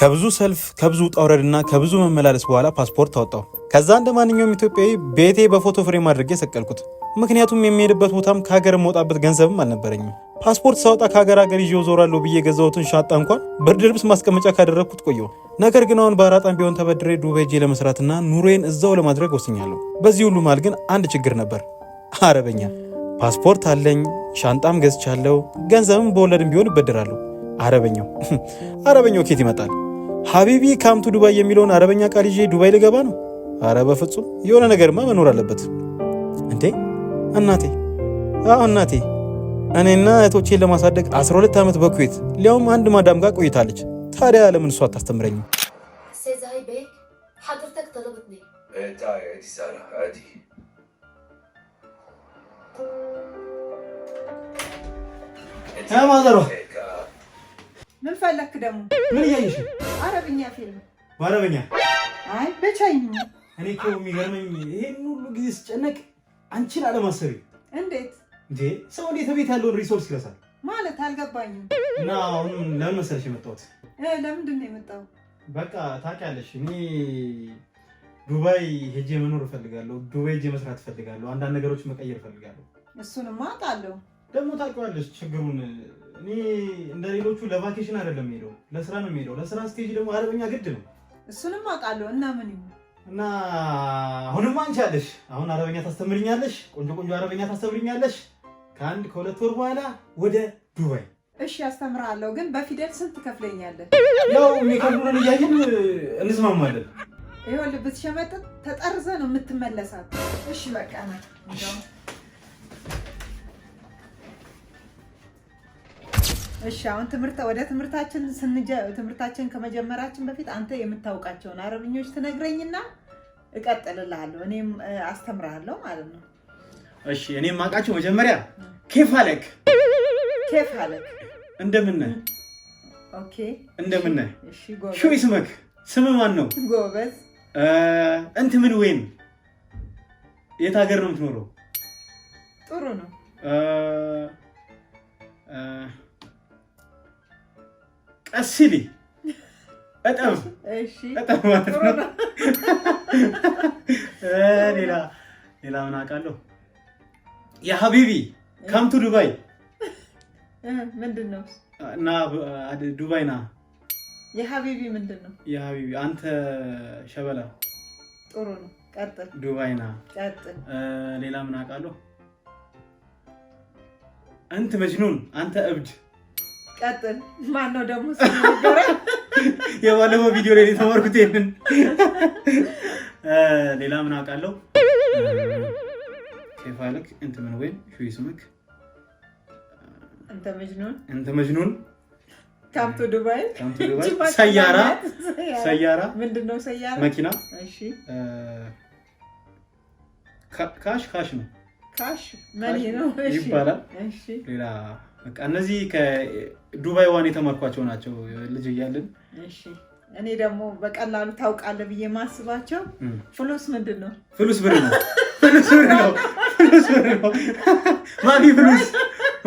ከብዙ ሰልፍ ከብዙ ውጣ ከብዙ መመላለስ በኋላ ፓስፖርት አወጣው። ከዛ እንደ ማንኛውም ኢትዮጵያዊ ቤቴ በፎቶ ፍሬም አድርጌ ሰቀልኩት። ምክንያቱም የሚሄድበት ቦታም ከሀገር የመውጣበት ገንዘብም አልነበረኝም። ፓስፖርት ሳወጣ ከሀገር ሀገር ይዤው ዞራለሁ ብዬ የገዛሁትን ሻንጣ እንኳን ብርድ ልብስ ማስቀመጫ ካደረግኩት ቆየው ነገር ግን አሁን በአራጣም ቢሆን ተበድሬ ዱቤጄ ለመስራትና ኑሮዬን እዛው ለማድረግ ወስኛለሁ። በዚህ ሁሉ መሃል ግን አንድ ችግር ነበር፣ አረበኛ። ፓስፖርት አለኝ፣ ሻንጣም ገዝቻለሁ፣ ገንዘብም በወለድም ቢሆን እበድራለሁ። አረበኛው አረበኛው ኬት ይመጣል? ሀቢቢ ካምቱ ዱባይ የሚለውን አረበኛ ቃል ይዤ ዱባይ ልገባ ነው? አረ በፍጹም የሆነ ነገርማ መኖር አለበት። እንዴ እናቴ፣ አዎ እናቴ፣ እኔና እህቶቼን ለማሳደግ 12 ዓመት በኩዌት ሊያውም አንድ ማዳም ጋር ቆይታለች። ታዲያ ለምን እሷ አታስተምረኝም? ማዘሯ ምን ፈለክ ደግሞ? ምን እያየሽ? አረብኛ ፊልም። በአረብኛ? አይ በቻይኛ። እኔ እኮ የሚገርመኝ ይሄን ሁሉ ጊዜ ስጨነቅ አንቺን አለማሰቤ። እንዴት እንዴ! ሰው እንዴት ቤት ያለውን ሪሶርስ ይረሳል? ማለት አልገባኝም። እና አሁን ለምን መሰለሽ የመጣሁት? ለምንድን ነው የመጣው? በቃ ታውቂያለሽ፣ እኔ ዱባይ ሄጄ መኖር እፈልጋለሁ። ዱባይ ሄጄ መስራት እፈልጋለሁ። አንዳንድ ነገሮች መቀየር እፈልጋለሁ። እሱንማ አውቃለሁ። ደግሞ ታውቂዋለሽ ችግሩን እኔ እንደ ሌሎቹ ለቫኬሽን አይደለም ሄደው ለስራ ነው የሚሄደው። ለስራ ስቴጅ ደግሞ አረበኛ ግድ ነው። እሱንም አውቃለሁ። እና ምን እና አሁንም አንቺ አለሽ። አሁን አረበኛ ታስተምርኛለሽ፣ ቆንጆ ቆንጆ አረበኛ ታስተምርኛለሽ። ከአንድ ከሁለት ወር በኋላ ወደ ዱባይ። እሺ ያስተምራለሁ፣ ግን በፊደል ስንት ትከፍለኛለህ? ያው የሚከፍሉን እያየን እንስማማለን። ይኸውልህ ብትሸመጥን ተጠርዘ ነው የምትመለሳት። እሺ በቃ ነው እሺ አሁን ትምህርት ወደ ትምህርታችን ስንጀ ትምህርታችን ከመጀመራችን በፊት አንተ የምታውቃቸውን አረብኞች ትነግረኝና እቀጥልልሃለሁ እኔም አስተምርሃለሁ ማለት ነው። እሺ እኔ የማውቃቸው መጀመሪያ ኬፍ አለክ፣ ኬፍ አለክ፣ እንደምን ኦኬ፣ እንደምን እሺ፣ ጎበዝ። ሹይ ስመክ ስም ማን ነው? ጎበዝ። እንት ምን ወይም የት ሀገር ነው የምትኖረው? ጥሩ ነው። ቀሲሊ እጠብ እጠብ ማለት ነው። ሌላ ሌላ ምን አውቃለሁ? የሀቢቢ ከምቱ ዱባይ ምንድን ነው? እና ዱባይ ና የሀቢቢ ምንድን ነው? የሀቢቢ አንተ ሸበላ ጥሩ ነው። ቀጥል። ዱባይ ና ቀጥል። ሌላ ምን አውቃለሁ? አንተ መጅኑን አንተ እብድ ቀጥል። ማን ነው ደግሞ የባለፈው ቪዲዮ ላይ የተማርኩት ይሄንን። ሌላ ምን አውቃለሁ? ሴፋልክ እንት ምን ወይም ሹይ ስምክ እንተ መጅኑን እንተ መጅኑን ካምቱ ዱባይ ሰያራ ሰያራ ምንድን ነው ሰያራ መኪና ካሽ ካሽ ነው ካሽ መኒ ነው ይባላል። እሺ ሌላ በቃ እነዚህ ከዱባይ ዋን የተማርኳቸው ናቸው ልጅ እያለን። እኔ ደግሞ በቀላሉ ታውቃለህ ብዬ ማስባቸው ፍሉስ ምንድን ነው? ፍሉስ ብር ነው። ፍሉስ ብር ነው። ፍሉስ ብር ነው። ማሚ ፍሉስ፣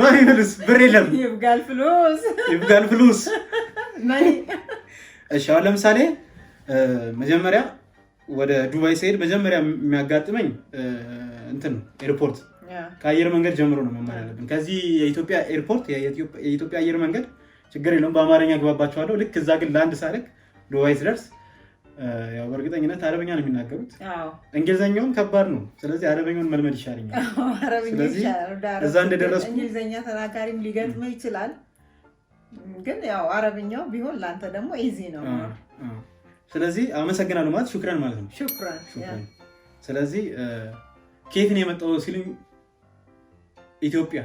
ማሚ ፍሉስ፣ ብር የለም። ይብጋል ፍሉስ፣ ይብጋል ፍሉስ። እሺ አሁን ለምሳሌ መጀመሪያ ወደ ዱባይ ስሄድ መጀመሪያ የሚያጋጥመኝ እንትን ነው ኤርፖርት ከአየር መንገድ ጀምሮ ነው መማር ያለብን። ከዚህ የኢትዮጵያ ኤርፖርት የኢትዮጵያ አየር መንገድ ችግር የለውም በአማርኛ ግባባቸዋለሁ። ልክ እዛ ግን ለአንድ ሳልክ ዱባይ ስደርስ ያው በእርግጠኝነት አረበኛ ነው የሚናገሩት። እንግሊዝኛውም ከባድ ነው። ስለዚህ አረበኛውን መልመድ ይሻለኛል። ስለዚህ እዛ እንደደረስኩ እንግሊዝኛ ተናጋሪም ይችላል። ግን ያው አረብኛው ቢሆን ለአንተ ደግሞ ኢዚ ነው። ስለዚህ አመሰግናለሁ ማለት ሹክረን ማለት ነው። ሹክረን። ስለዚህ ኬትን የመጣው ሲሉኝ ኢትዮጵያ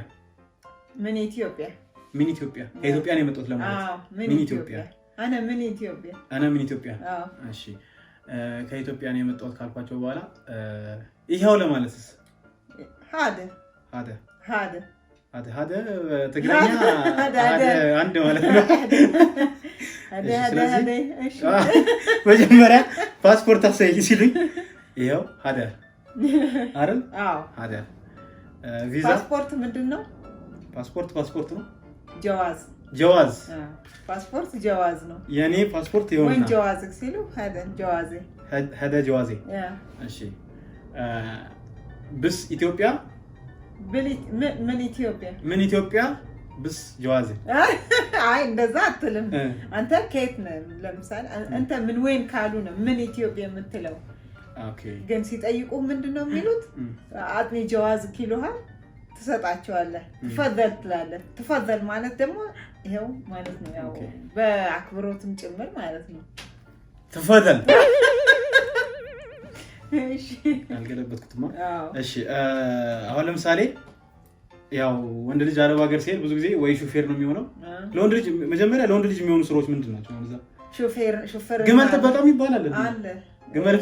ምን ኢትዮጵያ ምን ኢትዮጵያ ከኢትዮጵያ ነው የመጣሁት ለማለት ምን ኢትዮጵያ አነ ምን ኢትዮጵያ አነ ምን ኢትዮጵያ እሺ ከኢትዮጵያ ነው የመጣሁት ካልኳቸው በኋላ ይሄው ለማለትስ ሀደ ሀደ ሀደ ሀደ ሀደ ትግርኛ አንድ ማለት ነው መጀመሪያ ፓስፖርት አሳይ ሲሉኝ ይኸው ሀደ አይደል ሀደ ቪዛ ፓስፖርት ምንድን ነው? ፓስፖርት ፓስፖርት ነው። ጀዋዝ ጀዋዝ ፓስፖርት ጀዋዝ ነው። የኔ ፓስፖርት ይሆናል ወይ ጀዋዝ ሲሉ ጀዋዜ ሄደ ጀዋዜ። እሺ ብስ ኢትዮጵያ ምን ኢትዮጵያ ምን ኢትዮጵያ ብስ ጀዋዜ። አይ እንደዛ አትልም አንተ። ከየት ነህ? ለምሳሌ አንተ ምን ወይን ካሉ ነው ምን ኢትዮጵያ የምትለው ግን ሲጠይቁ ምንድን ነው የሚሉት? አጥኒ ጀዋዝ ኪሎሃል ትሰጣቸዋለህ። ትፈዘል ትላለህ። ትፈዘል ማለት ደግሞ ይኸው ማለት ነው። ያው በአክብሮትም ጭምር ማለት ነው። ትፈዘል አልገለበትኩትማ። እሺ አሁን ለምሳሌ ያው ወንድ ልጅ አረብ ሀገር ሲሄድ ብዙ ጊዜ ወይ ሹፌር ነው የሚሆነው። ለወንድ ልጅ መጀመሪያ ለወንድ ልጅ የሚሆኑ ስራዎች ምንድን ናቸው? ግመል ጠባቂ ይባላል አለ ግመል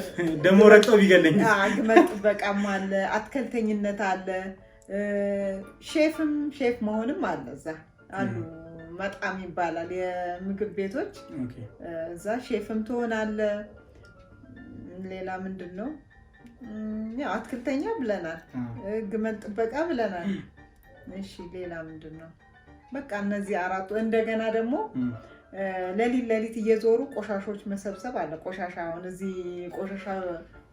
ረግጠው ቢገለኝ ግመል ጥበቃም አለ፣ አትክልተኝነት አለ፣ ሼፍም ሼፍ መሆንም አለ። እዛ አሉ መጣም ይባላል የምግብ ቤቶች እዛ ሼፍም ትሆናለ። ሌላ ምንድን ነው አትክልተኛ ብለናል፣ ግመል ጥበቃ ብለናል። እሺ ሌላ ምንድን ነው? በቃ እነዚህ አራቱ እንደገና ደግሞ ሌሊት ሌሊት እየዞሩ ቆሻሾች መሰብሰብ አለ። ቆሻሻ አሁን እዚህ ቆሻሻ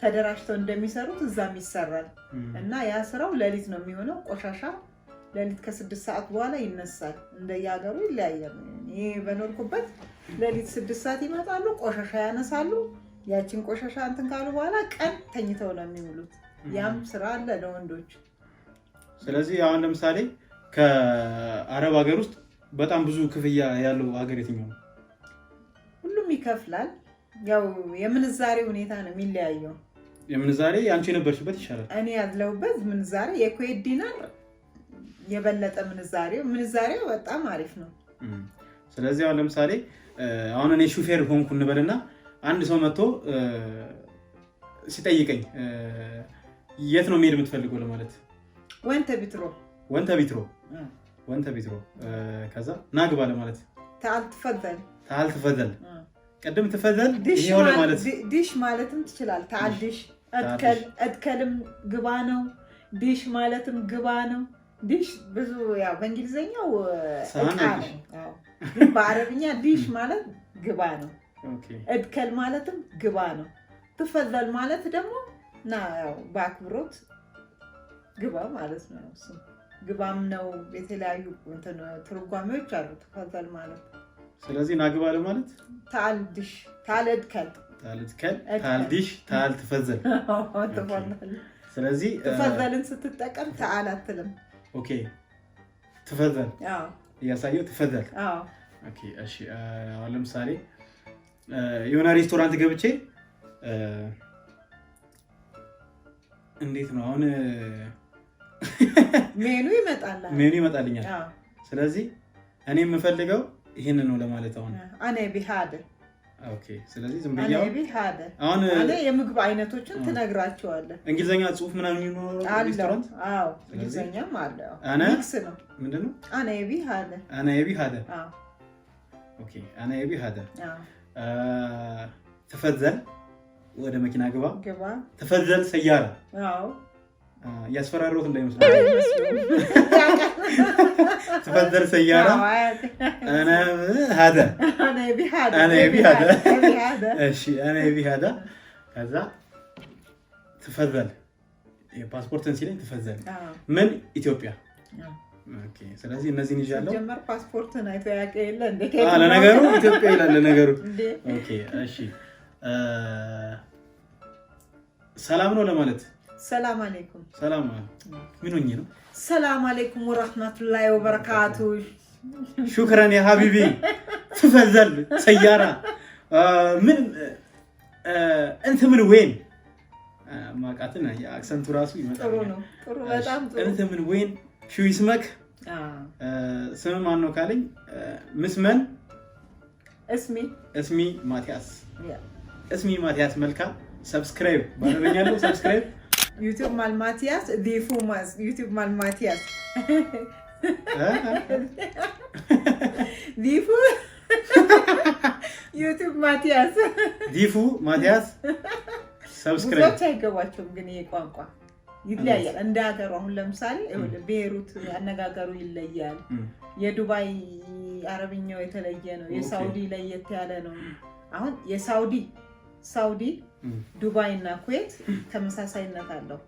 ተደራጅተው እንደሚሰሩት እዛም ይሰራል እና ያ ስራው ሌሊት ነው የሚሆነው። ቆሻሻ ሌሊት ከስድስት ሰዓት በኋላ ይነሳል። እንደየሀገሩ ይለያያል። ይህ በኖርኩበት ሌሊት ስድስት ሰዓት ይመጣሉ፣ ቆሻሻ ያነሳሉ። ያችን ቆሻሻ እንትን ካሉ በኋላ ቀን ተኝተው ነው የሚውሉት። ያም ስራ አለ ለወንዶች። ስለዚህ አሁን ለምሳሌ ከአረብ ሀገር ውስጥ በጣም ብዙ ክፍያ ያለው ሀገር የትኛው ነው? ሁሉም ይከፍላል። ያው የምንዛሬ ሁኔታ ነው የሚለያየው። የምንዛሬ አንቺ የነበርሽበት ይሻላል። እኔ ያለሁበት ምንዛሬ የኩዌት ዲናር የበለጠ ምንዛሬው ምንዛሬው በጣም አሪፍ ነው። ስለዚህ አሁን ለምሳሌ አሁን እኔ ሹፌር ሆንኩ እንበልና አንድ ሰው መጥቶ ሲጠይቀኝ የት ነው መሄድ የምትፈልገው ለማለት ወንተ ቢትሮ ወንተ ቢትሮ ወንተ ቤት ከዛ ናግባ ለማለት አልትፈዘል አልትፈዘል ቅድም ትፈዘል ዲሽ ማለትም ትችላል። ተአዲሽ እድከልም ግባ ነው። ዲሽ ማለትም ግባ ነው። ዲሽ ብዙ ያው በእንግሊዝኛው እቃ ነው፣ ግን በአረብኛ ዲሽ ማለት ግባ ነው። እድከል ማለትም ግባ ነው። ትፈዘል ማለት ደግሞ ና ያው በአክብሮት ግባ ማለት ነው። ግባም ነው። የተለያዩ ትርጓሜዎች አሉት ፈዘል ማለት ስለዚህ ናግባ ለማለት ታልድሽ፣ ታልድከል፣ ታልድከል፣ ታልድሽ፣ ትፈዘል ስለዚህ ትፈዘልን ስትጠቀም ተአል አትልም። ኦኬ ትፈዘል እያሳየው ትፈዘል። እሺ አሁን ለምሳሌ የሆነ ሬስቶራንት ገብቼ እንዴት ነው አሁን ሜኑ ይመጣልኛል ሜኑ ይመጣልኛል። ስለዚህ እኔ የምፈልገው ይህን ነው ለማለት አሁን አኔ ቢሃደ ስለዚህ ዝም ብዬ አሁን የምግብ አይነቶችን ትነግራቸዋለህ። እንግሊዝኛ ጽሁፍ ምናምን ይኖረው ሬስቶራንት ተፈዘል ወደ መኪና ግባ ተፈዘል ሰያራ ያስፈራሩት እንዳይመስል ሰያራ ከዛ ትፈዘል የፓስፖርትን ሲለኝ ትፈዘል ምን ኢትዮጵያ። ስለዚህ እነዚህን ይዣለሁ። ለነገሩ ኢትዮጵያ ይላል ለነገሩ። ሰላም ነው ለማለት ሰላም አለይኩም። ሰላም ምን ሆኜ ነው? ሰላም አለይኩም ወራህመቱላሂ ወበረካቱ። ሹክረን ያ ሀቢቢ ትፈዘል ሰያራ ምን እንት ምን ወይን ማቃትን አክሰንቱ ራሱ ይመጣል። እንት ምን ወይን ሹ ይስመክ ስም ማን ነው ካለኝ ምስመን እስሚ እስሚ ማቲያስ እስሚ ማቲያስ መልካ ሰብስክራይብ ባደረኛለሁ ሰብስክራይብ YouTube Malmatias, The Fumas, YouTube ዲፉ ዩቱብ ማቲያስ ዲፉ ማቲያስ ሰብስክራይብ ብዙዎች አይገባቸውም፣ ግን ይሄ ቋንቋ ይለያያል እንደ ሀገሩ። አሁን ለምሳሌ ቤሩት አነጋገሩ ይለያል። የዱባይ አረብኛው የተለየ ነው። የሳውዲ ለየት ያለ ነው። አሁን የሳውዲ ሳውዲ፣ ዱባይ እና ኩዌት ተመሳሳይነት አለው።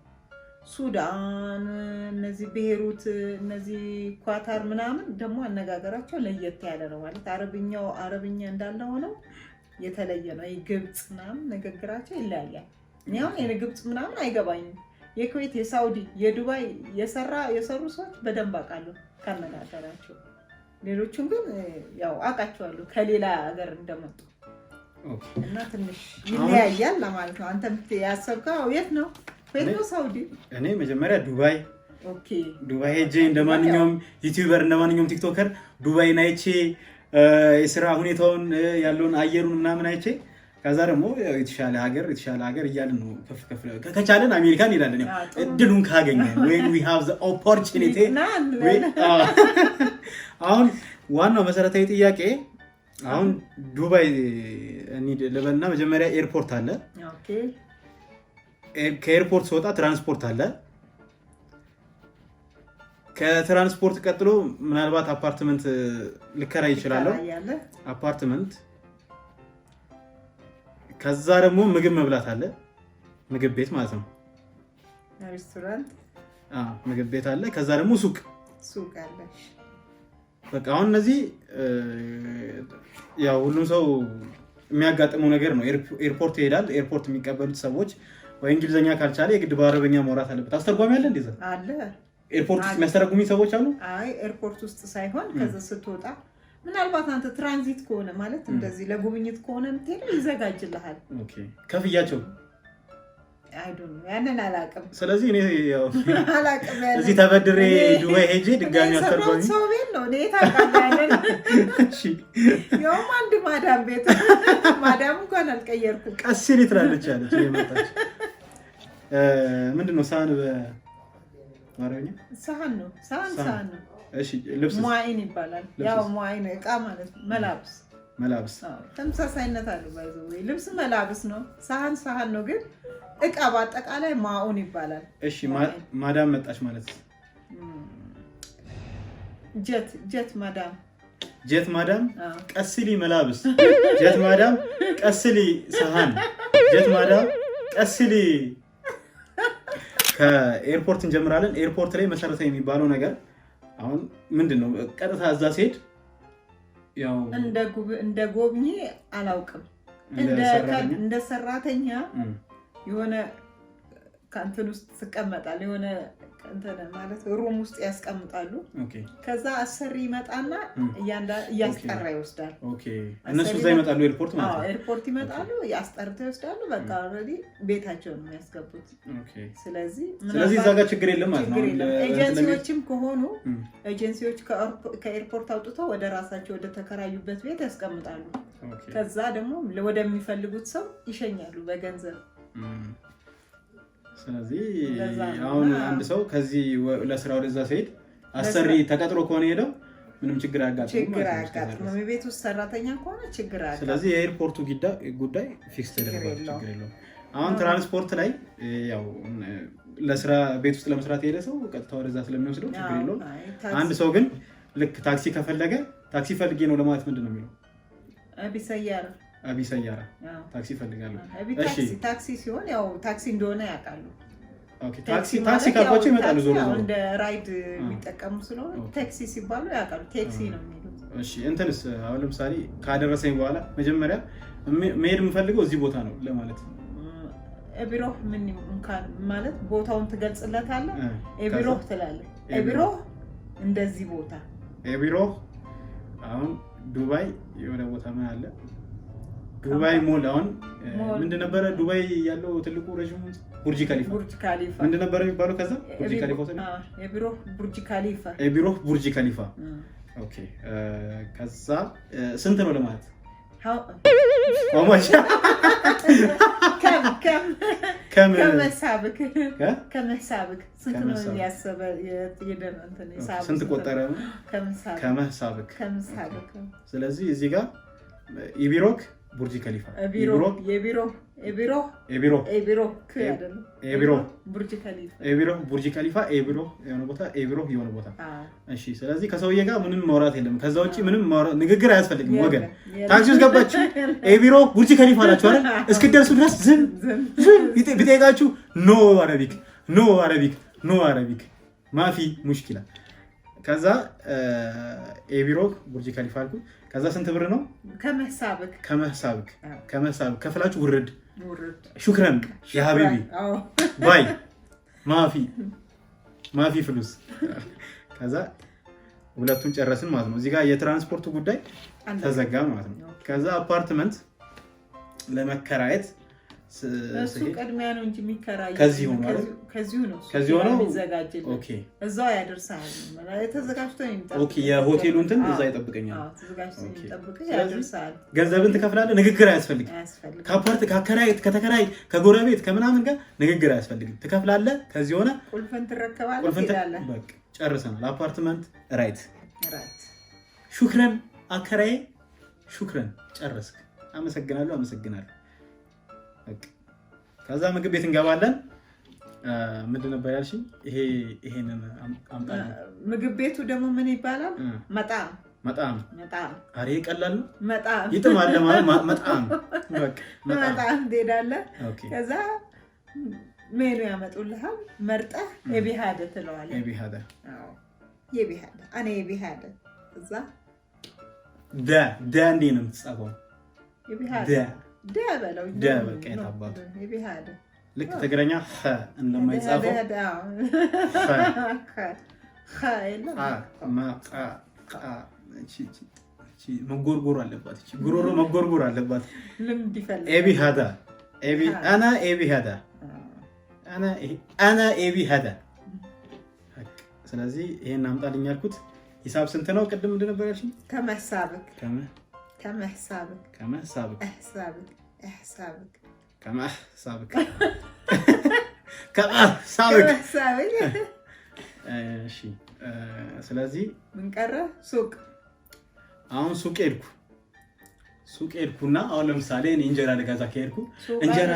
ሱዳን፣ እነዚህ ቤሩት፣ እነዚህ ኳታር ምናምን ደግሞ አነጋገራቸው ለየት ያለ ነው። ማለት አረብኛው አረብኛ እንዳለ ሆነው የተለየ ነው። የግብፅ ምናምን ንግግራቸው ይለያያል። እኔ አሁን የግብፅ ምናምን አይገባኝም። የኩዌት፣ የሳውዲ፣ የዱባይ የሰራ የሰሩ ሰዎች በደንብ አውቃለሁ ከመናገራቸው። ሌሎቹን ግን ያው አውቃቸዋለሁ ከሌላ ሀገር እንደመጡ እና ትንሽ ይለያያል ለማለት ነው። አንተ ያሰብከው የት ነው? ቤት ነው ሳውዲ? እኔ መጀመሪያ ዱባይ ዱባይ ሄጄ እንደማንኛውም ዩቲዩበር እንደማንኛውም ቲክቶከር ዱባይን አይቼ የስራ ሁኔታውን ያለውን አየሩን ምናምን አይቼ ከዛ ደግሞ የተሻለ ሀገር የተሻለ ሀገር እያልን ነው። ከፍ ከፍ ከቻለን አሜሪካን እንሄዳለን። እድሉን ካገኘ ኦፖርቹኒቲ። አሁን ዋናው መሰረታዊ ጥያቄ አሁን ዱባይ እንሂድ ልበልና መጀመሪያ ኤርፖርት አለ። ከኤርፖርት ስወጣ ትራንስፖርት አለ። ከትራንስፖርት ቀጥሎ ምናልባት አፓርትመንት ልከራይ ይችላለሁ። አፓርትመንት ከዛ ደግሞ ምግብ መብላት አለ። ምግብ ቤት ማለት ነው። ሬስቶራንት ምግብ ቤት አለ። ከዛ ደግሞ ሱቅ ሱቅ በቃ አሁን እነዚህ ያው ሁሉም ሰው የሚያጋጥመው ነገር ነው። ኤርፖርት ይሄዳል። ኤርፖርት የሚቀበሉት ሰዎች ወይ እንግሊዝኛ ካልቻለ የግድ በአረበኛ ማውራት አለበት። አስተርጓሚ አለ እንደዛ አለ። ኤርፖርት ውስጥ የሚያስተረጉሚ ሰዎች አሉ። አይ ኤርፖርት ውስጥ ሳይሆን ከዛ ስትወጣ ምናልባት አንተ ትራንዚት ከሆነ ማለት እንደዚህ ለጉብኝት ከሆነ ምትሄደው ይዘጋጅልሃል። ኦኬ ከፍያቸው ያንን አላውቅም። ስለዚህ እኔ እዚህ ተበድሬ ዱባይ ሄጄ ድጋሚ አስተርጓሚ ሰው ቤት ነው እኔ ታውቃለህ። ያውም አንድ ማዳም ቤት ማዳም እንኳን አልቀየርኩም። ቀስ ትላለች ያለች መጣች። ምንድን ነው ሳህን በማረኛ ሳህን ነው ሳህን ሳህን ነው። ልብስ ሙአይን ይባላል። ያው ሙአይን እቃ ማለት ነው። መላብስ መላብስ ተመሳሳይነት አለው። ልብስ መላብስ ነው። ሳህን ሳህን ነው ግን እቃ በአጠቃላይ ማኦን ይባላል። እሺ ማዳም መጣች ማለት ጀት ጀት ማዳም ጀት ማዳም ቀስሊ መላብስ ጀት ማዳም ቀስሊ ሰሃን ጀት ማዳም ቀስሊ ከኤርፖርት እንጀምራለን። ኤርፖርት ላይ መሰረታዊ የሚባለው ነገር አሁን ምንድን ነው? ቀጥታ እዛ ሲሄድ እንደ ጎብኚ አላውቅም እንደ ሰራተኛ የሆነ ከእንትን ውስጥ ትቀመጣል የሆነ ማለት ሩም ውስጥ ያስቀምጣሉ። ከዛ አሰሪ ይመጣና እያስጠራ ይወስዳል። እነሱ እዛ ይመጣሉ፣ ኤርፖርት ማለት ነው። ኤርፖርት ይመጣሉ፣ አስጠርተው ይወስዳሉ። በቃ ኦልሬዲ ቤታቸው ነው የሚያስገቡት። ስለዚህ ስለዚህ እዛ ጋር ችግር የለም ማለት ነው። ኤጀንሲዎችም ከሆኑ ኤጀንሲዎች ከኤርፖርት አውጥተው ወደ ራሳቸው ወደ ተከራዩበት ቤት ያስቀምጣሉ። ከዛ ደግሞ ወደሚፈልጉት ሰው ይሸኛሉ በገንዘብ ስለዚህ አሁን አንድ ሰው ከዚህ ለስራ ወደዛ ሲሄድ አሰሪ ተቀጥሮ ከሆነ ሄደው ምንም ችግር አያጋጥምም። ውስጥ ሰራተኛ ከሆነ ችግር ስለዚህ የኤርፖርቱ ጉዳይ ፊክስ ተደርጓል፣ ችግር የለውም። አሁን ትራንስፖርት ላይ ያው ለስራ ቤት ውስጥ ለመስራት የሄደ ሰው ቀጥታ ወደዛ ስለሚወስደው ችግር የለውም። አንድ ሰው ግን ልክ ታክሲ ከፈለገ ታክሲ ፈልጌ ነው ለማለት ምንድን ነው የሚለው ቢሰያር አቢሰያራ ታክሲ እፈልጋለሁ። ታክሲ ሲሆን ያው ታክሲ እንደሆነ ያውቃሉ። ታክሲ ካባቸው ይመጣሉ። ዞሮ ዞሮ እንደ ራይድ የሚጠቀሙ ስለሆነ ታክሲ ሲባሉ ያውቃሉ። ታክሲ ነው የሚሉት። እሺ እንትንስ አሁን ለምሳሌ ካደረሰኝ በኋላ መጀመሪያ መሄድ የምፈልገው እዚህ ቦታ ነው ለማለት ነው። ምን እንኳን ማለት ቦታውን ትገልጽለታለህ። ኤቢሮህ ትላለህ። ኤቢሮህ እንደዚህ ቦታ ኤቢሮህ አሁን ዱባይ የሆነ ቦታ ምን አለ ዱባይ ሞል አሁን ምንድን ነበረ ዱባይ ያለው ትልቁ ረዥሙ ቡርጅ ካሊፋ ምንድን ነበረ የሚባለው? ከዛ ቡርጅ ካሊፋ የቢሮ ቡርጅ ካሊፋ። ከዛ ስንት ነው ለማለት ስንት ቆጠረ? ከመሳብክ ስለዚህ እዚህ ጋር የቢሮክ ቡርጅ ከሊፋ ቡርጅ ከሊፋ ኤቢሮ የሆነ ቦታ ኤቢሮ የሆነ ቦታ። እሺ፣ ስለዚህ ከሰውዬ ጋር ምንም ማውራት የለም። ከዛ ውጭ ምንም ንግግር አያስፈልግም። ወገን ታክሲ ውስጥ ገባችሁ፣ ኤቢሮ ቡርጅ ከሊፋ ናችሁ አይደል? እስክደርሱ ድረስ ዝም ዝም። ቢጠይቃችሁ ኖ አረቢክ ኖ አረቢክ ኖ አረቢክ ማፊ ሙሽኪላ ከዛ ኤቢሮክ ቡርጅ ከሊፋ አልኩ። ከዛ ስንት ብር ነው ከመሳብክ ከመሳብክ ከመሳብክ ከፍላችሁ ውርድ ሹክረን የሀቢቢ ባይ ማፊ ማፊ ፍሉስ። ከዛ ሁለቱን ጨረስን ማለት ነው። እዚጋ የትራንስፖርቱ ጉዳይ ተዘጋ ማለት ነው። ከዛ አፓርትመንት ለመከራየት እሱ ቅድሚያ ነው እንጂ የሚከራየው ከዚሁ ነው እዛው ያደርሳል። ተዘጋጅቶ የሚጠብቅ። የሆቴሉ እንትን እዛ ይጠብቀኛል። ገንዘብን ትከፍላለህ። ንግግር አያስፈልግም። ከአፓርት ከአከራይ ከተከራይ ከጎረቤት ከምናምን ጋር ንግግር አያስፈልግም። ትከፍላለህ። ከዚህ ሆነ ቁልፍን ትረከባለህ። በቃ ጨርሰናል። አፓርትመንት ራይት ራይት። ሹክረን አከራዬ፣ ሹክረን። ጨረስክ። አመሰግናለሁ። አመሰግናለሁ ከዛ ምግብ ቤት እንገባለን። ምንድን ነበር ያልሽኝ? ይሄንን አምጣ። ምግብ ቤቱ ደግሞ ምን ይባላል? መጣም መጣም ኧረ ቀላሉ መጣም ይጥማል ለማለት መጣም መጣም ትሄዳለህ። ከዛ ሜኑ ያመጡልሃል። መርጠህ የቢሃደ ትለዋለህ። የቢሃደ የቢሃደ እኔ የቢሃደ እዛ ደ ደ እንዴ ነው የምትጻፈው? የቢሃደ ልክ ትግረኛ እንደማይጻፈው መጎርጎር አለባት። ጉሮሮ መጎርጎር አለባት። ኤቢ ሀዳ አና ኤቢ ሀዳ አና ኤቢ ሀዳ። ስለዚህ ይሄን አምጣልኝ ያልኩት ሂሳብ ስንት ነው? ቅድም እንደነበራችን ከመሳብክ كم حسابك كم حسابك حسابك حسابك كم حسابك كم حسابك كم حسابك እሺ ስለዚህ ምን ቀረ ሱቅ አሁን ሱቅ ሄድኩ ሱቅ ሄድኩና አሁን ለምሳሌ እኔ እንጀራ ልገዛ ከሄድኩ እንጀራ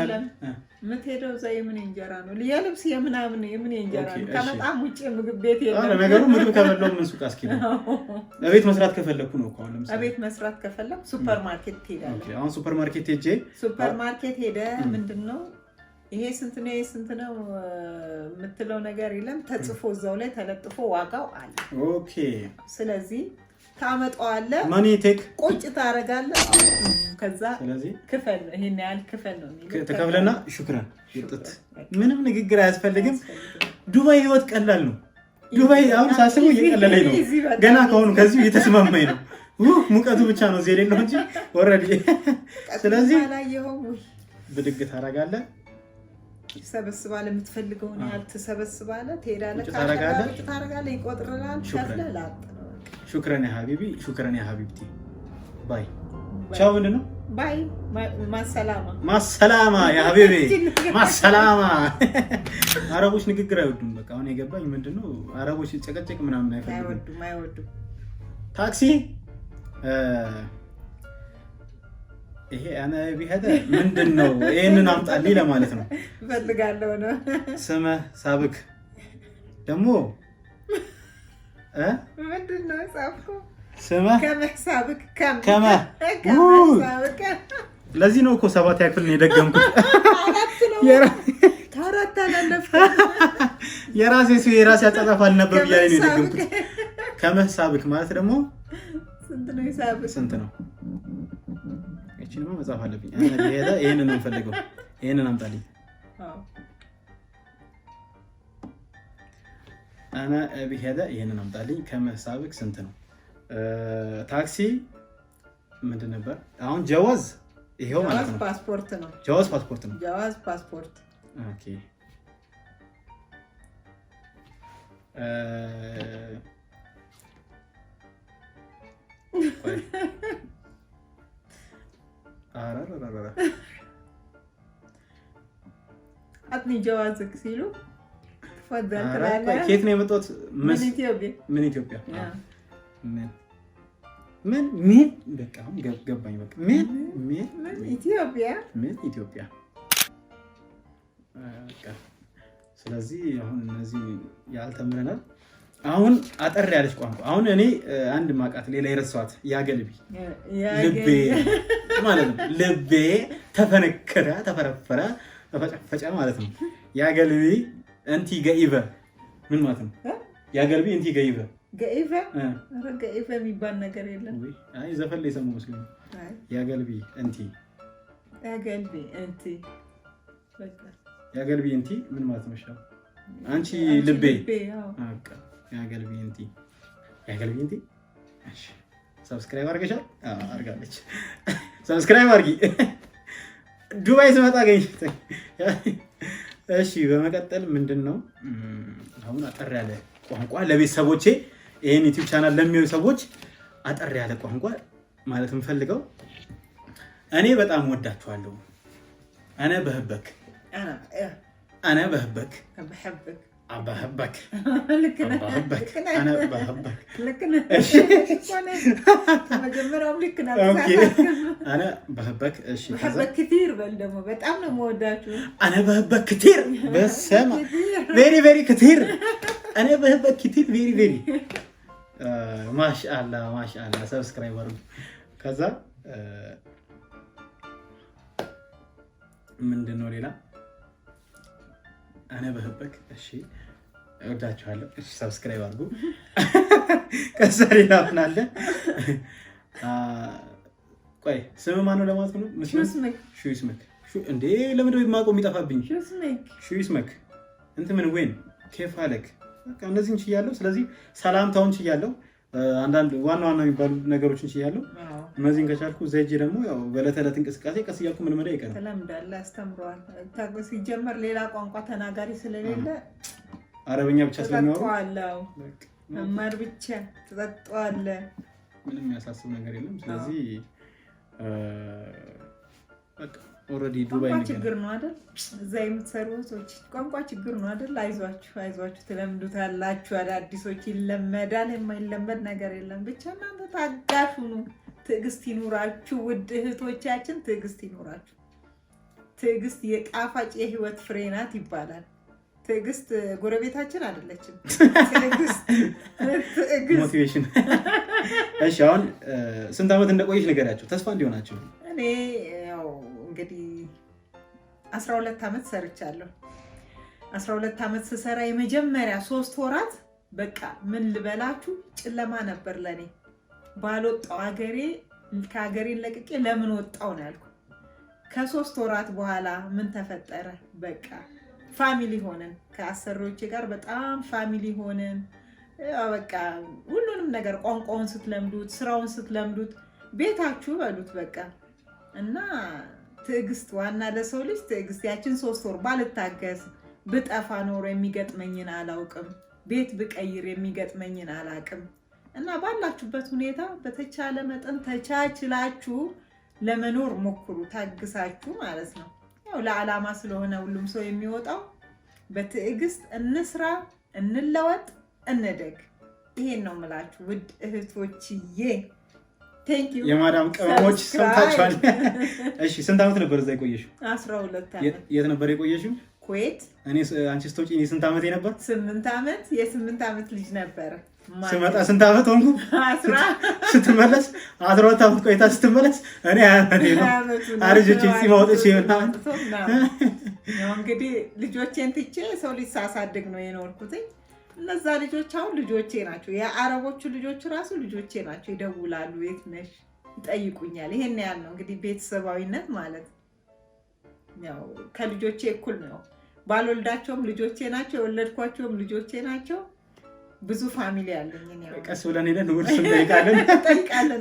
የምትሄደው እዛ የምን እንጀራ ነው? የልብስ የምናምን የምን እንጀራ ነው? ከመጣም ውጭ ምግብ ቤት ነገሩ ምግብ ከበላሁ ምን ሱቅ አስኪ ነው። እቤት መስራት ከፈለግኩ ነው። አሁን ለምሳሌ እቤት መስራት ከፈለግ ሱፐር ማርኬት ትሄዳለህ። አሁን ሱፐር ማርኬት ሄጄ ሱፐር ማርኬት ሄደ ምንድን ነው ይሄ ስንት ነው ይሄ ስንት ነው የምትለው ነገር የለም። ተጽፎ እዛው ላይ ተለጥፎ ዋጋው አለ። ኦኬ ስለዚህ ታመጣዋለህ፣ መኒቴክ ቁጭ ታደርጋለህ። ከዛ ክፈል፣ ይሄን ያህል ክፈል ነው ተከፍለና፣ ሹክራን ጥት ምንም ንግግር አያስፈልግም። ዱባይ ህይወት ቀላል ነው። ዱባይ አሁን ሳስበው እየቀለለኝ ነው። ገና ከሆኑ ከዚሁ እየተስማማኝ ነው። ሙቀቱ ብቻ ነው እዚህ የሌለው እንጂ ወረድ። ስለዚህ ብድግ ታደርጋለህ፣ ትሰበስባለህ፣ የምትፈልገውን ያህል ትሰበስባለህ፣ ትሄዳለህ፣ ታደርጋለህ፣ ይቆጥርልሃል፣ ከፍለህ ላጥ ሹክረን ሀቢቢ ሹክረን ሀቢብቲ ባይ ቻው። ምንድን ነው ባይ? ማሰላማ ማሰላማ፣ የሀቢቤ ማሰላማ። አረቦች ንግግር አይወዱም። በቃ አሁን የገባኝ ምንድን ነው አረቦች ጨቀጨቅ ምናምን አይፈልጉም፣ አይወዱም። ታክሲ ይሄ አነ ቢሄደ ምንድን ነው ይህንን አምጣልኝ ለማለት ነው እፈልጋለሁ ነው። ስመ ሳብክ ደግሞ ለዚህ ነው እኮ ሰባት ያክል ነው የደገምኩት። የራሴ ሲ የራሴ አጻጻፍ አልነበረ ብያ ነው የደገምኩት። ከመሳብክ ማለት ደግሞ ስንት ነው? ይህችን መጻፍ አለብኝ። ይህንን ነው የምፈልገው። ይህንን አምጣልኝ አነ ቢሄደ ይህንን አምጣልኝ ከመሳብክ ስንት ነው? ታክሲ ምንድን ነበር? አሁን ጀወዝ ይሄው ማለት ነው። ፓስፖርት ነው። ጀዋዝ ፓስፖርት ነው። ጀዋዝ ፓስፖርት። ኦኬ አትኒ ጀዋዝክ ሲሉ ከየት ነው የመጣሁት? ምን ኢትዮጵያ ምን ምን ምን በቃ ገባኝ። በቃ ምን ምን ኢትዮጵያ ምን ኢትዮጵያ። ስለዚህ አሁን እነዚህ ያልተምረናል። አሁን አጠር ያለች ቋንቋ አሁን እኔ አንድ ማቃት ሌላ የረሳኋት ያገልቢ ልቤ ማለት ነው። ልቤ ተፈነከረ፣ ተፈረፈረ፣ ተፈጨፈጨ ማለት ነው ያገልቢ እንቲ ገኢበ ምን ማለት ነው? የሀገር እንቲ ገኢበ ገኢበ ገኢበ የሚባል ነገር የለም። ዘፈን ላይ ሰማሁ መስሎኝ። የአገልቢ እንቲ የአገልቢ እንቲ የአገልቢ እንቲ ምን ማለት ነው? አንቺ ልቤ የአገልቢ እንቲ የአገልቢ እንቲ። ሰብስክራይብ አድርገሻል? አድርጋለች። ሰብስክራይብ አድርጊ። ዱባይ ስመጣ አገኘ እሺ በመቀጠል ምንድን ነው አሁን አጠር ያለ ቋንቋ ለቤተሰቦቼ ይህን ዩቲዩብ ቻናል ለሚሆኑ ሰዎች አጠር ያለ ቋንቋ ማለት የምፈልገው እኔ በጣም ወዳችኋለሁ። አነ በህበክ አነ በህበክ عم بحبك لكن عم بهبك انا بحبك لكن ايش انا بهبك انا بحبك ايش بهبك كثير بندم بتامن مودات انا بحبك كثير بس سامع فيري فيري كثير انا بحبك كثير فيري فيري آه، ما شاء الله ما شاء الله سبسكرايبر كذا آه، من دنو እኔ በህበክ እሺ፣ እወዳችኋለሁ። እሺ፣ ሰብስክራይብ አድርጉ። ከዛ ሌላ ምን አለ? ቆይ ስም ማን ነው ለማለት ነው? ሹስመክ እንዴ! ለምንድነው የማውቀው የሚጠፋብኝ? ሹስመክ እንትን ምን ወይን ኬፍ አለክ። በቃ እነዚህን ችያለሁ። ስለዚህ ሰላምታውን ችያለሁ። አንዳንድ ዋና ዋና የሚባሉ ነገሮችን ሲያሉ እነዚህን ከቻልኩ ዘጅ ደግሞ ያው በዕለት ተዕለት እንቅስቃሴ ቀስ እያልኩ መልመድ አይቀርም። ተለምዳለ አስተምረዋል። ሲጀመር ሌላ ቋንቋ ተናጋሪ ስለሌለ አረበኛ ብቻ ስለሚያወሩ መማር ብቻ ትጠጠዋለ። ምንም ያሳስብ ነገር የለም። ስለዚህ ኦልሬዲ ዱባይ ቋንቋ ችግር ነው አይደል? እዛ የምትሰሩ ሰዎች ቋንቋ ችግር ነው አይደል? አይዟችሁ አይዟችሁ፣ ትለምዱታላችሁ። አዳዲሶች ይለመዳል። የማይለመድ ነገር የለም። ብቻ እናንተ ታጋሽ ሁኑ፣ ትዕግስት ይኑራችሁ። ውድ እህቶቻችን ትዕግስት ይኑራችሁ። ትዕግስት የጣፋጭ የህይወት ፍሬ ናት ይባላል። ትዕግስት ጎረቤታችን አይደለችም። ሞቲቬሽን። እሺ አሁን ስንት ዓመት እንደቆየች ንገሪያቸው፣ ተስፋ እንዲሆናቸው እኔ እንግዲህ 12 ዓመት ሰርቻለሁ። 12 ዓመት ስሰራ የመጀመሪያ ሶስት ወራት በቃ ምን ልበላችሁ ጨለማ ነበር ለኔ። ባልወጣው ሀገሬ ከሀገሬን ለቅቄ ለምን ወጣው ነው ያልኩ። ከሶስት ወራት በኋላ ምን ተፈጠረ? በቃ ፋሚሊ ሆነን ከአሰሪዎቼ ጋር በጣም ፋሚሊ ሆነን በቃ ሁሉንም ነገር ቋንቋውን ስትለምዱት፣ ስራውን ስትለምዱት ቤታችሁ በሉት በቃ እና ትዕግስት ዋና ለሰው ልጅ ትዕግስት ያችን ሶስት ወር ባልታገስ ብጠፋ ኖሮ የሚገጥመኝን አላውቅም፣ ቤት ብቀይር የሚገጥመኝን አላውቅም። እና ባላችሁበት ሁኔታ በተቻለ መጠን ተቻችላችሁ ለመኖር ሞክሩ፣ ታግሳችሁ ማለት ነው። ያው ለዓላማ ስለሆነ ሁሉም ሰው የሚወጣው በትዕግስት እንስራ፣ እንለወጥ፣ እንደግ። ይሄን ነው የምላችሁ ውድ እህቶችዬ። የማዳም ቅመሞች ሰምታችኋል። እሺ ስንት ዓመት ነበር እዛ የቆየሽው? አስራ ሁለት ዓመት የት ነበር የቆየሽው? ኩዌት። እኔ አንቺ ስትወጪ እኔ ስንት ዓመት ነበር? ስምንት ዓመት የስምንት ዓመት ልጅ ነበር ስመጣ ስንት ዓመት ሆንኩ? ስትመለስ አስራ ሁለት ዓመት ቆይታ ስትመለስ እኔ አመኔ ነው አርጆች ሲማወጥች ይሆናል እንግዲህ ልጆቼን ትቼ ሰው ልጅ ሳሳድግ ነው የኖርኩትኝ እነዛ ልጆች አሁን ልጆቼ ናቸው። የአረቦቹ ልጆች ራሱ ልጆቼ ናቸው። ይደውላሉ፣ የት ነሽ ይጠይቁኛል። ይሄን ያህል ነው እንግዲህ ቤተሰባዊነት ማለት ያው ከልጆቼ እኩል ነው። ባልወልዳቸውም ልጆቼ ናቸው፣ የወለድኳቸውም ልጆቼ ናቸው። ብዙ ፋሚሊ አለኝ። ቀስ ብለን ሄደን ውርስ እንጠይቃለን እንጠይቃለን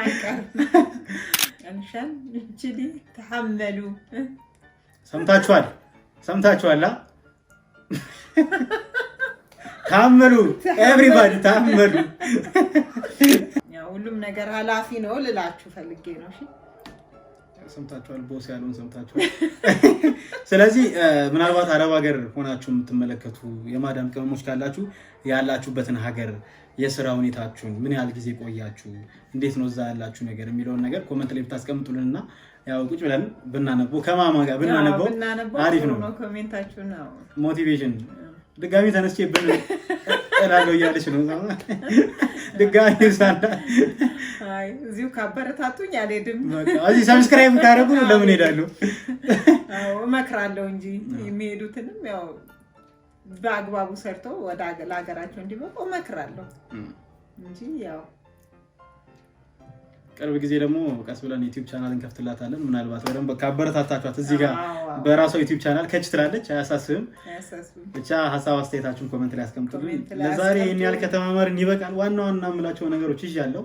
አይቀርም። እንችል ተሐመሉ። ሰምታችኋል፣ ሰምታችኋላ ታመሉ፣ ኤቭሪባዲ ታመሉ። ሁሉም ነገር ኃላፊ ነው ልላችሁ ፈልጌ ነው። ሰምታችኋል፣ ቦስ ያለውን ሰምታችኋል። ስለዚህ ምናልባት አረብ ሀገር ሆናችሁ የምትመለከቱ የማዳም ቅመሞች ካላችሁ ያላችሁበትን ሀገር የስራ ሁኔታችሁን፣ ምን ያህል ጊዜ ቆያችሁ፣ እንዴት ነው እዛ ያላችሁ ነገር የሚለውን ነገር ኮመንት ላይ ብታስቀምጡልን እና ያው ቁጭ ብለን ብናነቡ ከማማ ጋር ብናነቡ አሪፍ ነው። ኮሜንታችሁ ነው ሞቲቬሽን። ድጋሚ ተነስቼ ብን እላለሁ እያለች ነው። ድጋሚ ሳና እዚሁ ካበረታቱኝ አልሄድም። እዚህ ሰብስክራይብ ካደረጉ ለምን ሄዳለሁ? እመክራለሁ እንጂ የሚሄዱትንም ያው በአግባቡ ሰርቶ ወደ ለሀገራቸው እንዲበቁ እመክራለሁ እንጂ ያው ቅርብ ጊዜ ደግሞ ቀስ ብለን ዩቲዩብ ቻናል እንከፍትላታለን። ምናልባት በደንብ ካበረታታችኋት እዚህ ጋር በራሷ ዩቲዩብ ቻናል ከች ትላለች። አያሳስብም። ብቻ ሀሳብ አስተያየታችሁን ኮመንት ላይ አስቀምጡልኝ። ለዛሬ ይህን ያህል ከተማመርን ይበቃል። ዋና ዋና የምላቸው ነገሮች ይዤ ያለው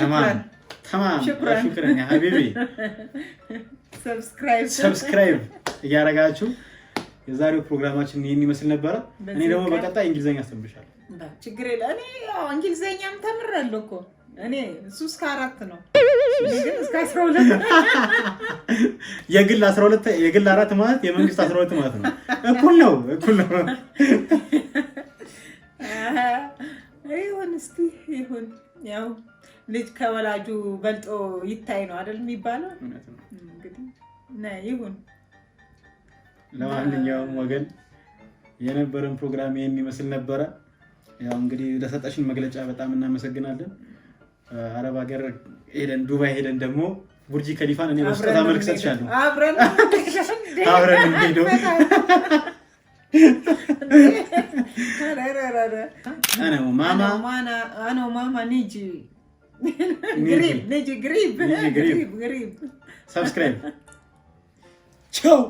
ተማም ተማም ሰብስክራይብ እያደረጋችሁ የዛሬው ፕሮግራማችን ይህን ይመስል ነበረ። እኔ ደግሞ በቀጣይ እንግሊዝኛ አስተምርሻለሁ። ችግር የለ። እኔ ያው እንግሊዘኛም ተምሬያለሁ እኮ እኔ እሱ እስከ አራት ነው የግል አስራ ሁለት የግል አራት ማለት የመንግስት አስራ ሁለት ማለት ነው። እኩል ነው እኩል ነው። ይሁን እስኪ ይሁን። ያው ልጅ ከወላጁ በልጦ ይታይ ነው አይደል የሚባለው? እንግዲህ ይሁን። ለማንኛውም ወገን የነበረን ፕሮግራም ይህን ይመስል ነበረ። ያው እንግዲህ ለሰጠሽን መግለጫ በጣም እናመሰግናለን። አረብ ሀገር ሄደን ዱባይ ሄደን ደግሞ ቡርጂ ከሊፋን እኔ በስጦታ መልክ ሰጥሻለሁ። አብረን አብረን ሰብስክራይብ ቻው